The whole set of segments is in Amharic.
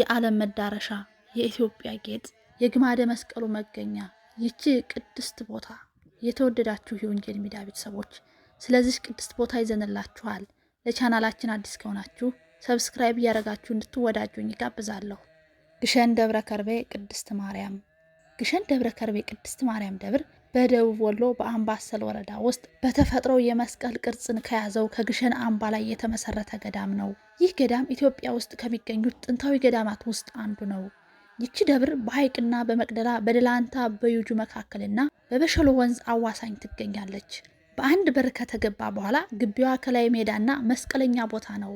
የዓለም መዳረሻ፣ የኢትዮጵያ ጌጥ፣ የግማደ መስቀሉ መገኛ ይቺ ቅድስት ቦታ የተወደዳችሁ የወንጌል ሚዲያ ቤተሰቦች ስለዚህ ቅድስት ቦታ ይዘንላችኋል። ለቻናላችን አዲስ ከሆናችሁ ሰብስክራይብ እያደረጋችሁ እንድትወዳጁኝ ይጋብዛለሁ። ግሸን ደብረ ከርቤ ቅድስት ማርያም ግሸን ደብረ ከርቤ ቅድስት ማርያም ደብር በደቡብ ወሎ በአምባሰል ወረዳ ውስጥ በተፈጥሮ የመስቀል ቅርጽን ከያዘው ከግሸን አምባ ላይ የተመሰረተ ገዳም ነው። ይህ ገዳም ኢትዮጵያ ውስጥ ከሚገኙት ጥንታዊ ገዳማት ውስጥ አንዱ ነው። ይቺ ደብር በሐይቅና በመቅደላ በደላንታ በዩጁ መካከልና በበሸሎ ወንዝ አዋሳኝ ትገኛለች። በአንድ በር ከተገባ በኋላ ግቢዋ ከላይ ሜዳና መስቀለኛ ቦታ ነው።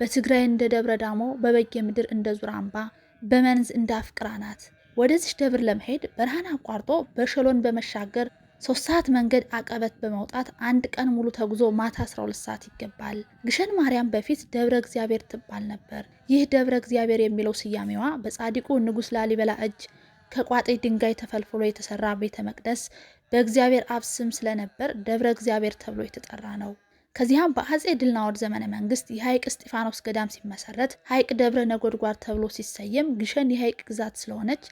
በትግራይ እንደ ደብረ ዳሞ፣ በበጌ ምድር እንደ ዙር አምባ፣ በመንዝ እንደ አፍቅራ ናት። ወደዚህ ደብር ለመሄድ በረሃን አቋርጦ በሸሎን በመሻገር ሶስት ሰዓት መንገድ አቀበት በመውጣት አንድ ቀን ሙሉ ተጉዞ ማታ 12 ሰዓት ይገባል። ግሸን ማርያም በፊት ደብረ እግዚአብሔር ትባል ነበር። ይህ ደብረ እግዚአብሔር የሚለው ስያሜዋ በጻድቁ ንጉሥ ላሊበላ እጅ ከቋጤ ድንጋይ ተፈልፍሎ የተሰራ ቤተ መቅደስ በእግዚአብሔር አብ ስም ስለነበር ደብረ እግዚአብሔር ተብሎ የተጠራ ነው። ከዚያም በአጼ ድልናወድ ዘመነ መንግስት የሐይቅ እስጢፋኖስ ገዳም ሲመሰረት ሐይቅ ደብረ ነጎድጓድ ተብሎ ሲሰየም ግሸን የሐይቅ ግዛት ስለሆነች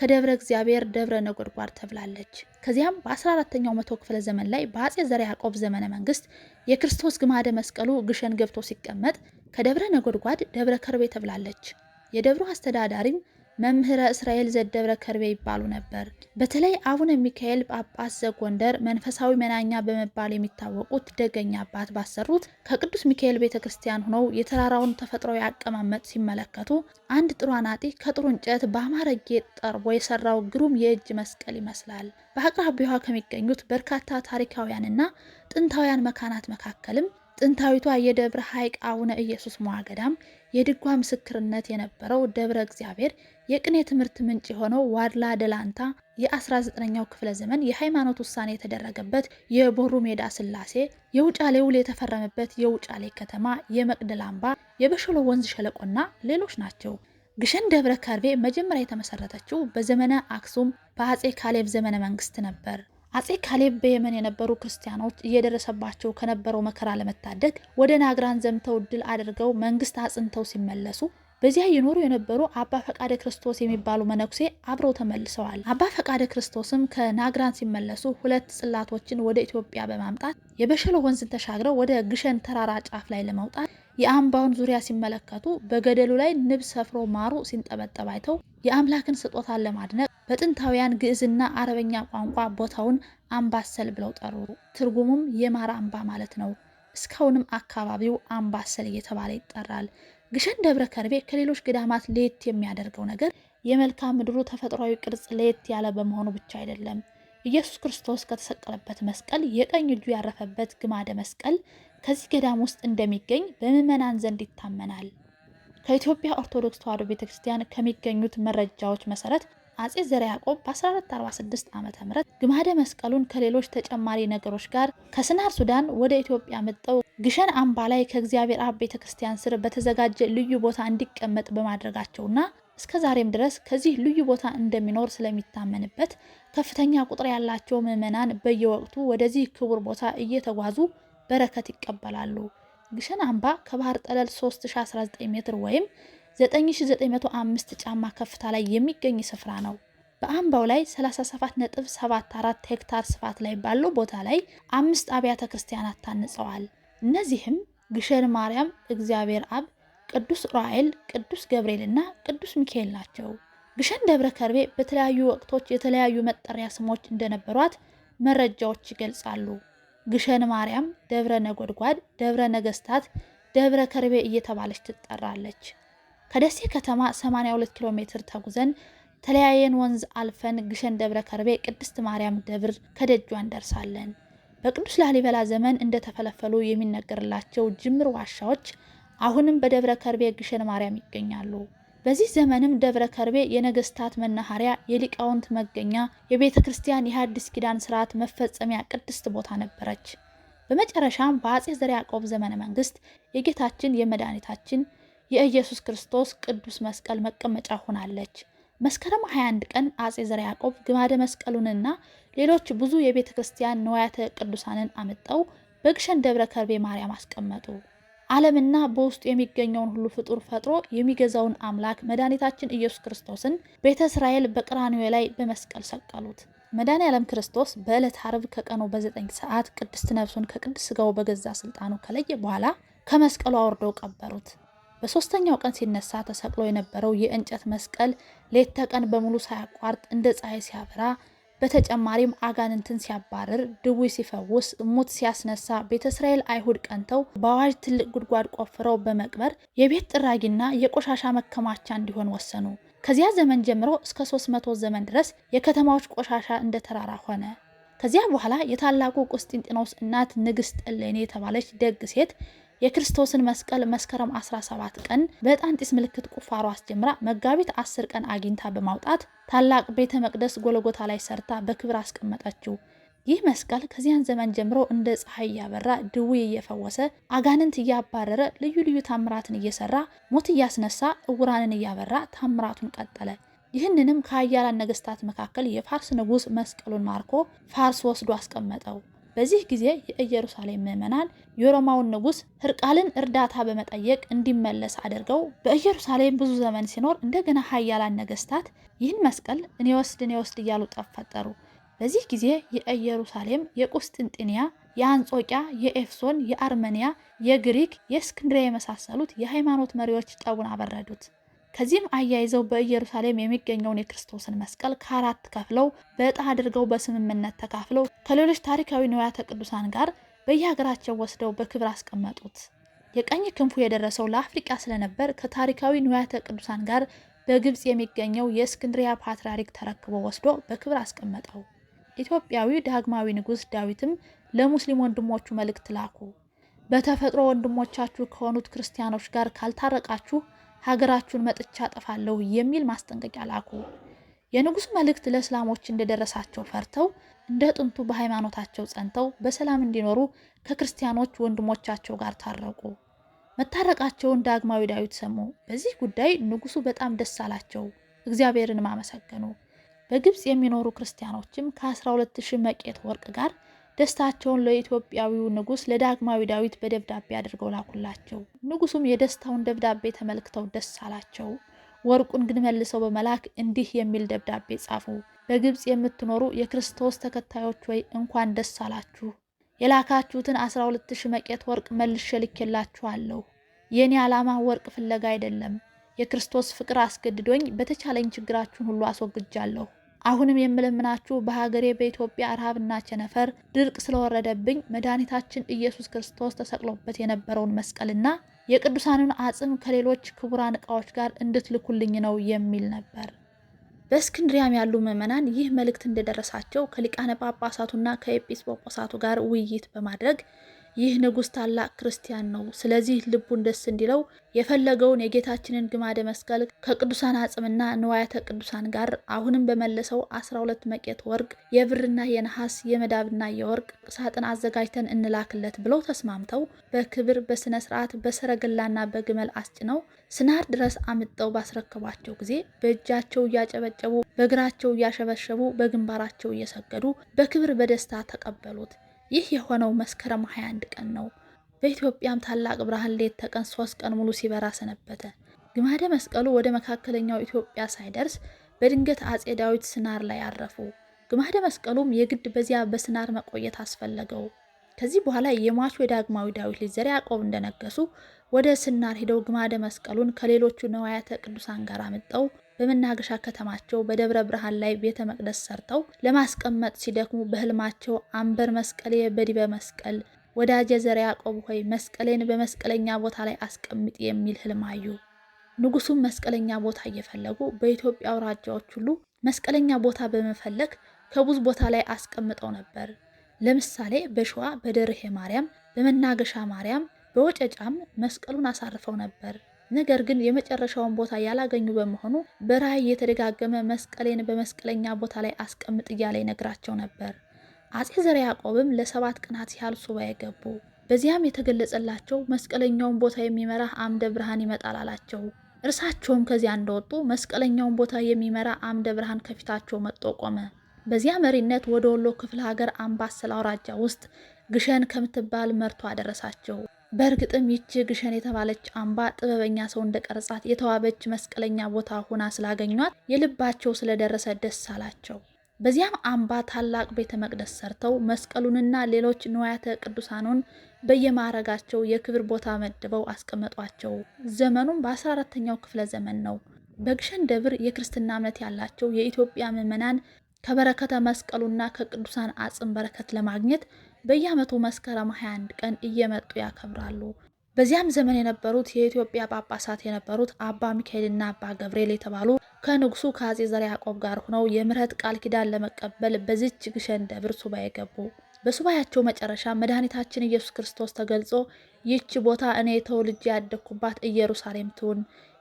ከደብረ እግዚአብሔር ደብረ ነጎድጓድ ተብላለች። ከዚያም በ14ተኛው መቶ ክፍለ ዘመን ላይ በአጼ ዘርዓ ያዕቆብ ዘመነ መንግስት የክርስቶስ ግማደ መስቀሉ ግሸን ገብቶ ሲቀመጥ ከደብረ ነጎድጓድ ደብረ ከርቤ ተብላለች። የደብሩ አስተዳዳሪም መምህረ እስራኤል ዘደብረ ከርቤ ይባሉ ነበር። በተለይ አቡነ ሚካኤል ጳጳስ ዘጎንደር መንፈሳዊ መናኛ በመባል የሚታወቁት ደገኛ አባት ባሰሩት ከቅዱስ ሚካኤል ቤተ ክርስቲያን ሆነው የተራራውን ተፈጥሯዊ አቀማመጥ ሲመለከቱ አንድ ጥሩ አናጢ ከጥሩ እንጨት በአማረ ጌጥ ጠርቦ የሰራው ግሩም የእጅ መስቀል ይመስላል። በአቅራቢያዋ ከሚገኙት በርካታ ታሪካውያንና ጥንታውያን መካናት መካከልም ጥንታዊቷ የደብረ ሐይቅ አቡነ ኢየሱስ መዋገዳም የድጓ ምስክርነት የነበረው ደብረ እግዚአብሔር የቅኔ ትምህርት ምንጭ የሆነው ዋድላ ደላንታ የ19ኛው ክፍለ ዘመን የሃይማኖት ውሳኔ የተደረገበት የቦሩ ሜዳ ስላሴ፣ የውጫሌ ውል የተፈረመበት የውጫሌ ከተማ፣ የመቅደል አምባ፣ የበሸሎ ወንዝ ሸለቆና ሌሎች ናቸው። ግሸን ደብረ ከርቤ መጀመሪያ የተመሰረተችው በዘመነ አክሱም በአጼ ካሌብ ዘመነ መንግስት ነበር። አጼ ካሌብ በየመን የነበሩ ክርስቲያኖች እየደረሰባቸው ከነበረው መከራ ለመታደግ ወደ ናግራን ዘምተው ድል አድርገው መንግስት አጽንተው ሲመለሱ በዚያ ይኖሩ የነበሩ አባ ፈቃደ ክርስቶስ የሚባሉ መነኩሴ አብረው ተመልሰዋል። አባ ፈቃደ ክርስቶስም ከናግራን ሲመለሱ ሁለት ጽላቶችን ወደ ኢትዮጵያ በማምጣት የበሸሎ ወንዝን ተሻግረው ወደ ግሸን ተራራ ጫፍ ላይ ለመውጣት የአምባውን ዙሪያ ሲመለከቱ በገደሉ ላይ ንብ ሰፍሮ ማሩ ሲንጠበጠብ አይተው የአምላክን ስጦታን ለማድነቅ በጥንታውያን ግዕዝና አረበኛ ቋንቋ ቦታውን አምባሰል ብለው ጠሩ። ትርጉሙም የማር አምባ ማለት ነው። እስካሁንም አካባቢው አምባሰል እየተባለ ይጠራል። ግሸን ደብረ ከርቤ ከሌሎች ገዳማት ለየት የሚያደርገው ነገር የመልክዓ ምድሩ ተፈጥሯዊ ቅርጽ ለየት ያለ በመሆኑ ብቻ አይደለም። ኢየሱስ ክርስቶስ ከተሰቀለበት መስቀል የቀኝ እጁ ያረፈበት ግማደ መስቀል ከዚህ ገዳም ውስጥ እንደሚገኝ በምዕመናን ዘንድ ይታመናል። ከኢትዮጵያ ኦርቶዶክስ ተዋሕዶ ቤተ ክርስቲያን ከሚገኙት መረጃዎች መሰረት አጼ ዘረ ያዕቆብ በ1446 ዓ ም ግማደ መስቀሉን ከሌሎች ተጨማሪ ነገሮች ጋር ከስናር ሱዳን ወደ ኢትዮጵያ መጠው ግሸን አምባ ላይ ከእግዚአብሔር አብ ቤተ ክርስቲያን ስር በተዘጋጀ ልዩ ቦታ እንዲቀመጥ በማድረጋቸውና እስከ ዛሬም ድረስ ከዚህ ልዩ ቦታ እንደሚኖር ስለሚታመንበት ከፍተኛ ቁጥር ያላቸው ምዕመናን በየወቅቱ ወደዚህ ክቡር ቦታ እየተጓዙ በረከት ይቀበላሉ። ግሸን አምባ ከባህር ጠለል 3019 ሜትር ወይም 9905 ጫማ ከፍታ ላይ የሚገኝ ስፍራ ነው። በአምባው ላይ 37.74 ሄክታር ስፋት ላይ ባለው ቦታ ላይ አምስት አብያተ ክርስቲያናት ታንጸዋል። እነዚህም ግሸን ማርያም፣ እግዚአብሔር አብ፣ ቅዱስ ራኤል፣ ቅዱስ ገብርኤል እና ቅዱስ ሚካኤል ናቸው። ግሸን ደብረ ከርቤ በተለያዩ ወቅቶች የተለያዩ መጠሪያ ስሞች እንደነበሯት መረጃዎች ይገልጻሉ። ግሸን ማርያም፣ ደብረ ነጎድጓድ፣ ደብረ ነገስታት፣ ደብረ ከርቤ እየተባለች ትጠራለች። ከደሴ ከተማ 82 ኪሎ ሜትር ተጉዘን ተለያየን ወንዝ አልፈን ግሸን ደብረ ከርቤ ቅድስት ማርያም ደብር ከደጇ እንደርሳለን። በቅዱስ ላሊበላ ዘመን እንደተፈለፈሉ የሚነገርላቸው ጅምር ዋሻዎች አሁንም በደብረ ከርቤ ግሸን ማርያም ይገኛሉ። በዚህ ዘመንም ደብረ ከርቤ የነገስታት መናኸሪያ፣ የሊቃውንት መገኛ፣ የቤተ ክርስቲያን የሐዲስ ኪዳን ስርዓት መፈጸሚያ ቅድስት ቦታ ነበረች። በመጨረሻም በአጼ ዘርዓ ያዕቆብ ዘመነ መንግስት የጌታችን የመድኃኒታችን የኢየሱስ ክርስቶስ ቅዱስ መስቀል መቀመጫ ሆናለች። መስከረም 21 ቀን አጼ ዘርዓ ያዕቆብ ግማደ መስቀሉንና ሌሎች ብዙ የቤተ ክርስቲያን ንዋያተ ቅዱሳንን አመጣው በግሸን ደብረ ከርቤ ማርያም አስቀመጡ። ዓለምና በውስጡ የሚገኘውን ሁሉ ፍጡር ፈጥሮ የሚገዛውን አምላክ መድኃኒታችን ኢየሱስ ክርስቶስን ቤተ እስራኤል በቀራንዮ ላይ በመስቀል ሰቀሉት። መድኃኔ ዓለም ክርስቶስ በዕለት አርብ ከቀኑ በዘጠኝ ሰዓት ቅድስት ነፍሱን ከቅድስ ስጋው በገዛ ስልጣኑ ከለየ በኋላ ከመስቀሉ አውርደው ቀበሩት። በሶስተኛው ቀን ሲነሳ ተሰቅሎ የነበረው የእንጨት መስቀል ሌት ተቀን በሙሉ ሳያቋርጥ እንደ ፀሐይ ሲያበራ፣ በተጨማሪም አጋንንትን ሲያባርር፣ ድዊ ሲፈውስ፣ ሙት ሲያስነሳ ቤተ እስራኤል አይሁድ ቀንተው በአዋጅ ትልቅ ጉድጓድ ቆፍረው በመቅበር የቤት ጥራጊና የቆሻሻ መከማቻ እንዲሆን ወሰኑ። ከዚያ ዘመን ጀምሮ እስከ 300 ዘመን ድረስ የከተማዎች ቆሻሻ እንደ ተራራ ሆነ። ከዚያ በኋላ የታላቁ ቁስጢንጢኖስ እናት ንግሥት እሌኒ የተባለች ደግ ሴት የክርስቶስን መስቀል መስከረም 17 ቀን በጣንጢስ ምልክት ቁፋሮ አስጀምራ መጋቢት 10 ቀን አግኝታ በማውጣት ታላቅ ቤተ መቅደስ ጎለጎታ ላይ ሰርታ በክብር አስቀመጠችው። ይህ መስቀል ከዚያን ዘመን ጀምሮ እንደ ፀሐይ እያበራ ድውይ እየፈወሰ አጋንንት እያባረረ ልዩ ልዩ ታምራትን እየሰራ ሞት እያስነሳ እውራንን እያበራ ታምራቱን ቀጠለ። ይህንንም ከአያላን ነገስታት መካከል የፋርስ ንጉስ መስቀሉን ማርኮ ፋርስ ወስዶ አስቀመጠው። በዚህ ጊዜ የኢየሩሳሌም ምዕመናን የሮማውን ንጉሥ ህርቃልን እርዳታ በመጠየቅ እንዲመለስ አድርገው በኢየሩሳሌም ብዙ ዘመን ሲኖር እንደገና ሀያላን ነገስታት ይህን መስቀል እኔ ወስድ እኔ ወስድ እያሉ ጠብ ፈጠሩ። በዚህ ጊዜ የኢየሩሳሌም፣ የቁስጥንጥንያ፣ የአንጾቂያ፣ የኤፍሶን፣ የአርመንያ፣ የግሪክ፣ የእስክንድሪያ የመሳሰሉት የሃይማኖት መሪዎች ጠቡን አበረዱት። ከዚህም አያይዘው በኢየሩሳሌም የሚገኘውን የክርስቶስን መስቀል ከአራት ከፍለው በዕጣ አድርገው በስምምነት ተካፍለው ከሌሎች ታሪካዊ ንዋያተ ቅዱሳን ጋር በየሀገራቸው ወስደው በክብር አስቀመጡት። የቀኝ ክንፉ የደረሰው ለአፍሪቃ ስለነበር ከታሪካዊ ንዋያተ ቅዱሳን ጋር በግብፅ የሚገኘው የእስክንድሪያ ፓትርያርክ ተረክቦ ወስዶ በክብር አስቀመጠው። ኢትዮጵያዊ ዳግማዊ ንጉሥ ዳዊትም ለሙስሊም ወንድሞቹ መልእክት ላኩ። በተፈጥሮ ወንድሞቻችሁ ከሆኑት ክርስቲያኖች ጋር ካልታረቃችሁ ሀገራችሁን መጥቻ አጠፋለሁ የሚል ማስጠንቀቂያ ላኩ። የንጉሥ መልእክት ለእስላሞች እንደደረሳቸው ፈርተው እንደ ጥንቱ በሃይማኖታቸው ጸንተው በሰላም እንዲኖሩ ከክርስቲያኖች ወንድሞቻቸው ጋር ታረቁ። መታረቃቸውን ዳግማዊ ዳዊት ሰሙ። በዚህ ጉዳይ ንጉሱ በጣም ደስ አላቸው፣ እግዚአብሔርንም አመሰገኑ። በግብፅ የሚኖሩ ክርስቲያኖችም ከ12 መቄት ወርቅ ጋር ደስታቸውን ለኢትዮጵያዊው ንጉስ ለዳግማዊ ዳዊት በደብዳቤ አድርገው ላኩላቸው። ንጉሱም የደስታውን ደብዳቤ ተመልክተው ደስ አላቸው። ወርቁን ግን መልሰው በመላክ እንዲህ የሚል ደብዳቤ ጻፉ። በግብፅ የምትኖሩ የክርስቶስ ተከታዮች ወይ እንኳን ደስ አላችሁ። የላካችሁትን 12 ሺህ መቄት ወርቅ መልሼ ልኬላችኋለሁ። የእኔ ዓላማ ወርቅ ፍለጋ አይደለም። የክርስቶስ ፍቅር አስገድዶኝ በተቻለኝ ችግራችሁን ሁሉ አስወግጃለሁ። አሁንም የምለምናችሁ በሀገሬ በኢትዮጵያ ረሃብና ቸነፈር ድርቅ ስለወረደብኝ መድኃኒታችን ኢየሱስ ክርስቶስ ተሰቅሎበት የነበረውን መስቀልና የቅዱሳንን አጽም ከሌሎች ክቡራን ዕቃዎች ጋር እንድትልኩልኝ ነው የሚል ነበር። በእስክንድሪያም ያሉ ምዕመናን ይህ መልእክት እንደደረሳቸው ከሊቃነ ጳጳሳቱና ከኤጲስ ጳጳሳቱ ጋር ውይይት በማድረግ ይህ ንጉሥ ታላቅ ክርስቲያን ነው። ስለዚህ ልቡን ደስ እንዲለው የፈለገውን የጌታችንን ግማደ መስቀል ከቅዱሳን አጽምና ንዋያተ ቅዱሳን ጋር አሁንም በመለሰው 12 መቄት ወርቅ የብርና የነሐስ የመዳብና የወርቅ ሳጥን አዘጋጅተን እንላክለት ብለው ተስማምተው በክብር በሥነ ሥርዓት በሰረገላና በግመል አስጭነው ስናር ድረስ አምጠው ባስረከቧቸው ጊዜ በእጃቸው እያጨበጨቡ፣ በእግራቸው እያሸበሸቡ፣ በግንባራቸው እየሰገዱ በክብር በደስታ ተቀበሉት። ይህ የሆነው መስከረም 21 ቀን ነው። በኢትዮጵያም ታላቅ ብርሃን ሌት ተቀን ሶስት ቀን ሙሉ ሲበራ ሰነበተ። ግማደ መስቀሉ ወደ መካከለኛው ኢትዮጵያ ሳይደርስ በድንገት አጼ ዳዊት ስናር ላይ አረፉ። ግማደ መስቀሉም የግድ በዚያ በስናር መቆየት አስፈለገው። ከዚህ በኋላ የሟቹ የዳግማዊ ዳዊት ልጅ ዘር ያዕቆብ እንደነገሱ ወደ ስናር ሂደው ግማደ መስቀሉን ከሌሎቹ ነዋያተ ቅዱሳን ጋር አምጠው በመናገሻ ከተማቸው በደብረ ብርሃን ላይ ቤተ መቅደስ ሰርተው ለማስቀመጥ ሲደክሙ በህልማቸው አንበር መስቀሌ በዲበ መስቀል ወዳጄ ዘርዓ ያዕቆብ ሆይ መስቀሌን በመስቀለኛ ቦታ ላይ አስቀምጥ የሚል ህልም አዩ። ንጉሱም መስቀለኛ ቦታ እየፈለጉ በኢትዮጵያ አውራጃዎች ሁሉ መስቀለኛ ቦታ በመፈለግ ከብዙ ቦታ ላይ አስቀምጠው ነበር። ለምሳሌ በሸዋ በደርሄ ማርያም፣ በመናገሻ ማርያም፣ በወጨጫም መስቀሉን አሳርፈው ነበር። ነገር ግን የመጨረሻውን ቦታ ያላገኙ በመሆኑ በራእይ የተደጋገመ መስቀሌን በመስቀለኛ ቦታ ላይ አስቀምጥ እያለ ይነግራቸው ነበር። አጼ ዘርዓ ያዕቆብም ለሰባት ቀናት ያህል ሱባኤ ገቡ። በዚያም የተገለጸላቸው መስቀለኛውን ቦታ የሚመራ አምደ ብርሃን ይመጣል አላቸው። እርሳቸውም ከዚያ እንደወጡ መስቀለኛውን ቦታ የሚመራ አምደ ብርሃን ከፊታቸው መጥቶ ቆመ። በዚያ መሪነት ወደ ወሎ ክፍለ ሀገር አምባሰል አውራጃ ውስጥ ግሸን ከምትባል መርቶ አደረሳቸው። በእርግጥም ይቺ ግሸን የተባለች አምባ ጥበበኛ ሰው እንደ ቀረጻት የተዋበች መስቀለኛ ቦታ ሆና ስላገኟት የልባቸው ስለደረሰ ደስ አላቸው። በዚያም አምባ ታላቅ ቤተ መቅደስ ሰርተው መስቀሉንና ሌሎች ንዋያተ ቅዱሳኑን በየማዕረጋቸው የክብር ቦታ መድበው አስቀመጧቸው። ዘመኑም በ14ተኛው ክፍለ ዘመን ነው። በግሸን ደብር የክርስትና እምነት ያላቸው የኢትዮጵያ ምዕመናን ከበረከተ መስቀሉና ከቅዱሳን አጽም በረከት ለማግኘት በየዓመቱ መስከረም 21 ቀን እየመጡ ያከብራሉ። በዚያም ዘመን የነበሩት የኢትዮጵያ ጳጳሳት የነበሩት አባ ሚካኤልና አባ ገብርኤል የተባሉ ከንጉሱ ከአጼ ዘርዓ ያዕቆብ ጋር ሆነው የምሕረት ቃል ኪዳን ለመቀበል በዚች ግሸን ደብር ሱባኤ ገቡ። በሱባያቸው መጨረሻ መድኃኒታችን ኢየሱስ ክርስቶስ ተገልጾ ይህች ቦታ እኔ ተወልጄ ያደግኩባት ኢየሩሳሌም ትሁን፣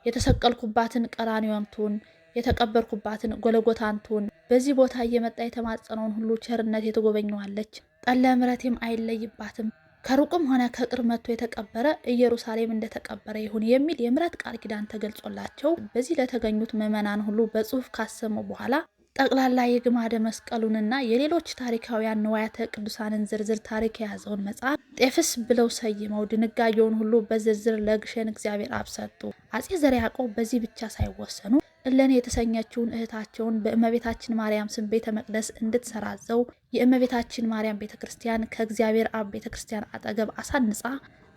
የተሰቀልኩባትን ቀራንዮም ትሁን፣ የተቀበርኩባትን ጎለጎታን ትሁን። በዚህ ቦታ እየመጣ የተማጸነውን ሁሉ ቸርነት የተጎበኘዋለች። ቀለ ምረቴም አይለይባትም ከሩቅም ሆነ ከቅርብ መጥቶ የተቀበረ ኢየሩሳሌም እንደተቀበረ ይሁን የሚል የምረት ቃል ኪዳን ተገልጾላቸው በዚህ ለተገኙት ምዕመናን ሁሉ በጽሁፍ ካሰሙ በኋላ ጠቅላላ የግማደ መስቀሉንና የሌሎች ታሪካውያን ንዋያተ ቅዱሳንን ዝርዝር ታሪክ የያዘውን መጽሐፍ ጤፍስ ብለው ሰይመው ድንጋጌውን ሁሉ በዝርዝር ለግሸን እግዚአብሔር አብ ሰጡ። አጼ ዘርዓ ያዕቆብ በዚህ ብቻ ሳይወሰኑ እሌኒ የተሰኘችውን እህታቸውን በእመቤታችን ማርያም ስም ቤተ መቅደስ እንድትሰራዘው የእመቤታችን ማርያም ቤተ ክርስቲያን ከእግዚአብሔር አብ ቤተ ክርስቲያን አጠገብ አሳንጻ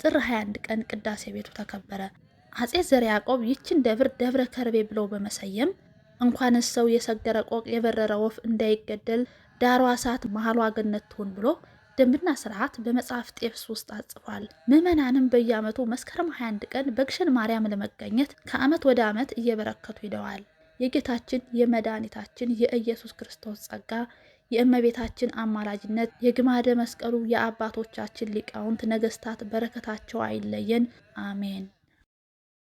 ጥር 21 ቀን ቅዳሴ ቤቱ ተከበረ። አጼ ዘር ያዕቆብ ይችን ደብር ደብረ ከርቤ ብለው በመሰየም እንኳንስ ሰው የሰገረ ቆቅ የበረረ ወፍ እንዳይገደል ዳሯ እሳት መሀሏ ገነት ትሆን ብሎ ደንብና ስርዓት በመጽሐፍ ጤፍስ ውስጥ አጽፏል። ምዕመናንም በየዓመቱ መስከረም 21 ቀን በግሸን ማርያም ለመገኘት ከዓመት ወደ ዓመት እየበረከቱ ሂደዋል። የጌታችን የመድኃኒታችን የኢየሱስ ክርስቶስ ጸጋ የእመቤታችን አማላጅነት የግማደ መስቀሉ የአባቶቻችን ሊቃውንት ነገስታት በረከታቸው አይለየን፣ አሜን።